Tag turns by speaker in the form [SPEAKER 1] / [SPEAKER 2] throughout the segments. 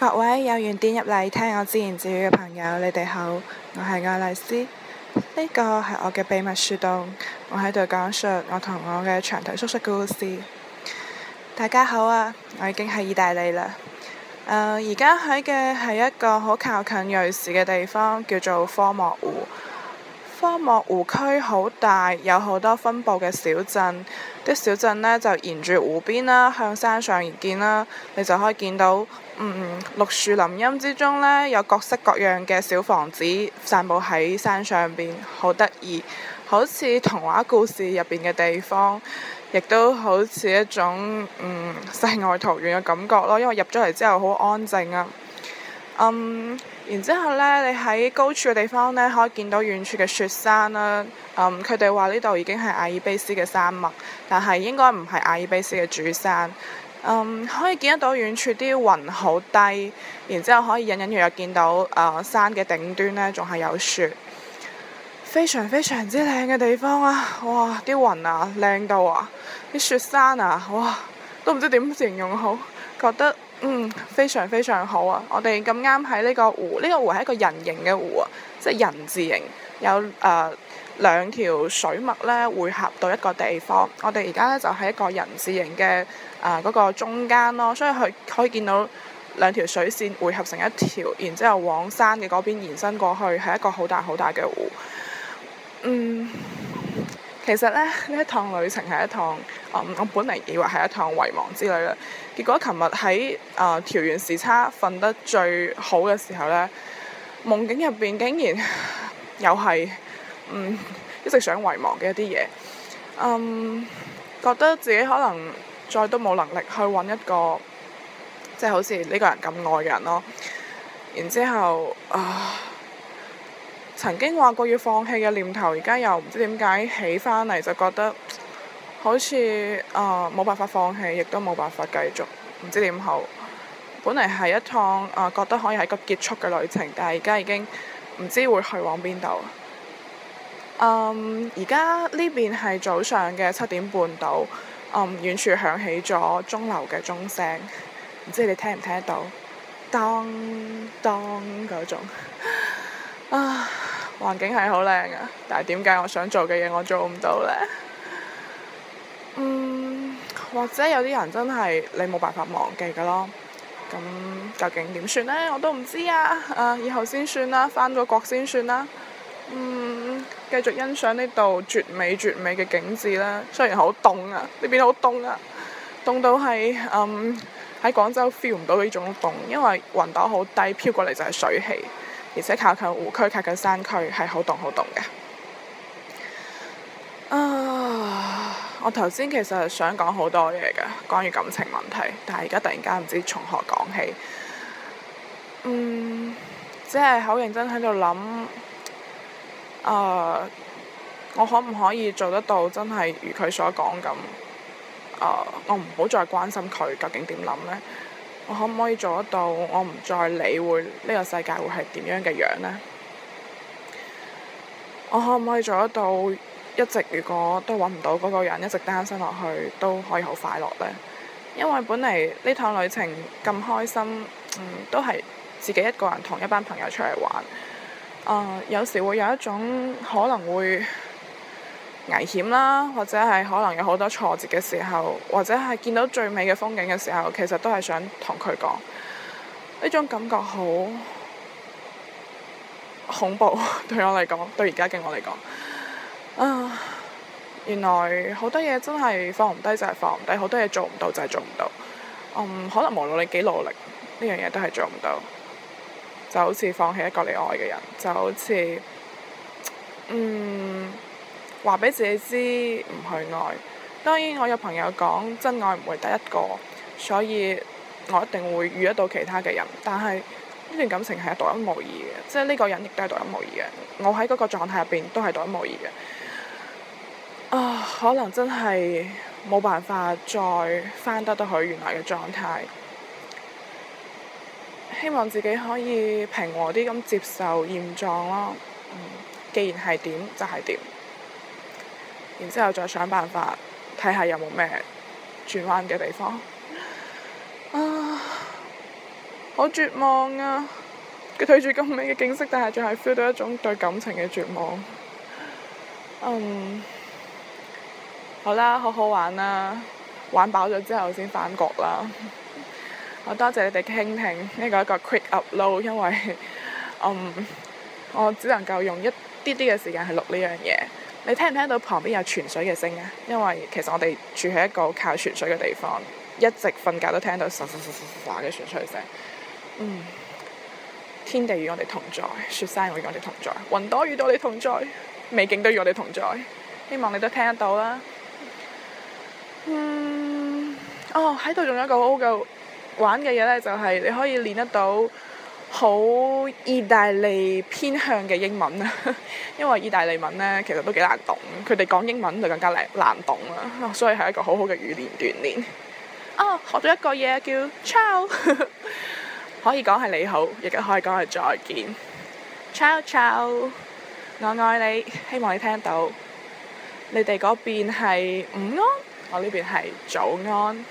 [SPEAKER 1] 各位有緣點入嚟聽我自言自語嘅朋友，你哋好，我係愛麗絲。呢個係我嘅秘密樹洞，我喺度講述我同我嘅長腿叔叔故事。大家好啊，我已經喺意大利啦。誒，而家喺嘅係一個好靠近瑞士嘅地方，叫做科莫湖。科莫湖區好大，有好多分佈嘅小鎮。啲小鎮呢，就沿住湖邊啦，向山上而建啦。你就可以見到，嗯，綠樹林蔭之中呢，有各式各樣嘅小房子散布喺山上邊，好得意。好似童話故事入邊嘅地方，亦都好似一種嗯，世外桃源嘅感覺咯。因為入咗嚟之後好安靜啊。嗯，um, 然之後呢，你喺高處嘅地方呢，可以見到遠處嘅雪山啦、啊。嗯，佢哋話呢度已經係阿爾卑斯嘅山脈，但係應該唔係阿爾卑斯嘅主山。嗯，可以見得到遠處啲雲好低，然之後可以隱隱約約見到啊、呃、山嘅頂端呢，仲係有雪，非常非常之靚嘅地方啊！哇，啲雲啊靚到啊，啲、啊、雪山啊哇！都唔知點形容好，覺得嗯非常非常好啊！我哋咁啱喺呢個湖，呢個湖係一個人形嘅湖啊，即係人字形，有誒兩條水脈咧匯合到一個地方。我哋而家咧就喺一個人字形嘅誒嗰個中間咯，所以佢可以見到兩條水線匯合成一條，然之後往山嘅嗰邊延伸過去，係一個好大好大嘅湖。嗯。其實咧呢一趟旅程係一趟，嗯，我本嚟以為係一趟遺忘之旅啦。結果琴日喺啊，調完時差，瞓得最好嘅時候呢，夢境入邊竟然又係嗯一直想遺忘嘅一啲嘢。嗯，覺得自己可能再都冇能力去揾一個即係、就是、好似呢個人咁愛嘅人咯。然之後啊。呃曾經話過要放棄嘅念頭，而家又唔知點解起翻嚟，就覺得好似啊冇辦法放棄，亦都冇辦法繼續，唔知點好。本嚟係一趟啊、呃、覺得可以係一個結束嘅旅程，但係而家已經唔知會去往邊度。而家呢邊係早上嘅七點半到，嗯，遠處響起咗鐘樓嘅鐘聲，唔知你聽唔聽得到？當當嗰種環境係好靚噶，但係點解我想做嘅嘢我做唔到呢？嗯，或者有啲人真係你冇辦法忘記噶咯。咁究竟點算呢？我都唔知啊！啊，以後先算啦，返咗國先算啦。嗯，繼續欣賞呢度絕美絕美嘅景緻啦。雖然好凍啊，呢邊好凍啊，凍到係嗯喺廣州 feel 唔到呢種凍，因為雲朵好低，飄過嚟就係水氣。而且靠近湖區，靠近山區，係好凍好凍嘅。啊、uh,！我頭先其實想講好多嘢嘅，關於感情問題，但係而家突然間唔知從何講起。嗯、um,，只係好認真喺度諗，啊、uh,！我可唔可以做得到？真係如佢所講咁？啊、uh,！我唔好再關心佢究竟點諗咧。我可唔可以做得到？我唔再理會呢個世界會係點樣嘅樣呢？我可唔可以做得到？一直如果都揾唔到嗰個人，一直單身落去都可以好快樂呢？因為本嚟呢趟旅程咁開心，嗯，都係自己一個人同一班朋友出嚟玩，呃，有時會有一種可能會～危險啦，或者係可能有好多挫折嘅時候，或者係見到最美嘅風景嘅時候，其實都係想同佢講，呢種感覺好恐怖，對我嚟講，對而家嘅我嚟講，啊，原來好多嘢真係放唔低就係放唔低，好多嘢做唔到就係做唔到，嗯，可能無論你幾努力，呢樣嘢都係做唔到，就好似放棄一個你愛嘅人，就好似，嗯。話俾自己知唔去愛。當然，我有朋友講真愛唔會得一個，所以我一定會遇得到其他嘅人。但係呢段感情係獨一無二嘅，即係呢個人亦都係獨一無二嘅。我喺嗰個狀態入邊都係獨一無二嘅，啊。可能真係冇辦法再返得到佢原來嘅狀態。希望自己可以平和啲咁接受現狀咯，嗯。既然係點就係，是，點。然之後再想辦法睇下有冇咩轉彎嘅地方啊！好絕望啊！佢對住咁美嘅景色，但係仲係 feel 到一種對感情嘅絕望。嗯，好啦，好好玩啦、啊，玩飽咗之後先返國啦。我多謝你哋傾聽呢、這個一個 quick upload，因為嗯我只能夠用一啲啲嘅時間去錄呢樣嘢。你聽唔聽到旁邊有泉水嘅聲啊？因為其實我哋住喺一個靠泉水嘅地方，一直瞓覺都聽到唰唰唰唰嘅泉水聲。嗯，天地與我哋同在，雪山與我哋同在，雲朵與我哋同在，美景都與我哋同在。希望你都聽得到啦。嗯，哦，喺度仲有一個好嘅玩嘅嘢呢，就係你可以練得到。好意大利偏向嘅英文啊， 因為意大利文呢，其實都幾難懂，佢哋講英文就更加難難懂啦，uh huh。所以係一個好好嘅語言鍛煉。哦，oh, 學咗一個嘢叫 ciao 可以講係你好，亦都可以講係再見。ciao ciao，我愛你，希望你聽到。你哋嗰邊係午安，我呢邊係早安。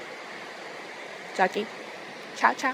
[SPEAKER 1] 再見，ciao ciao。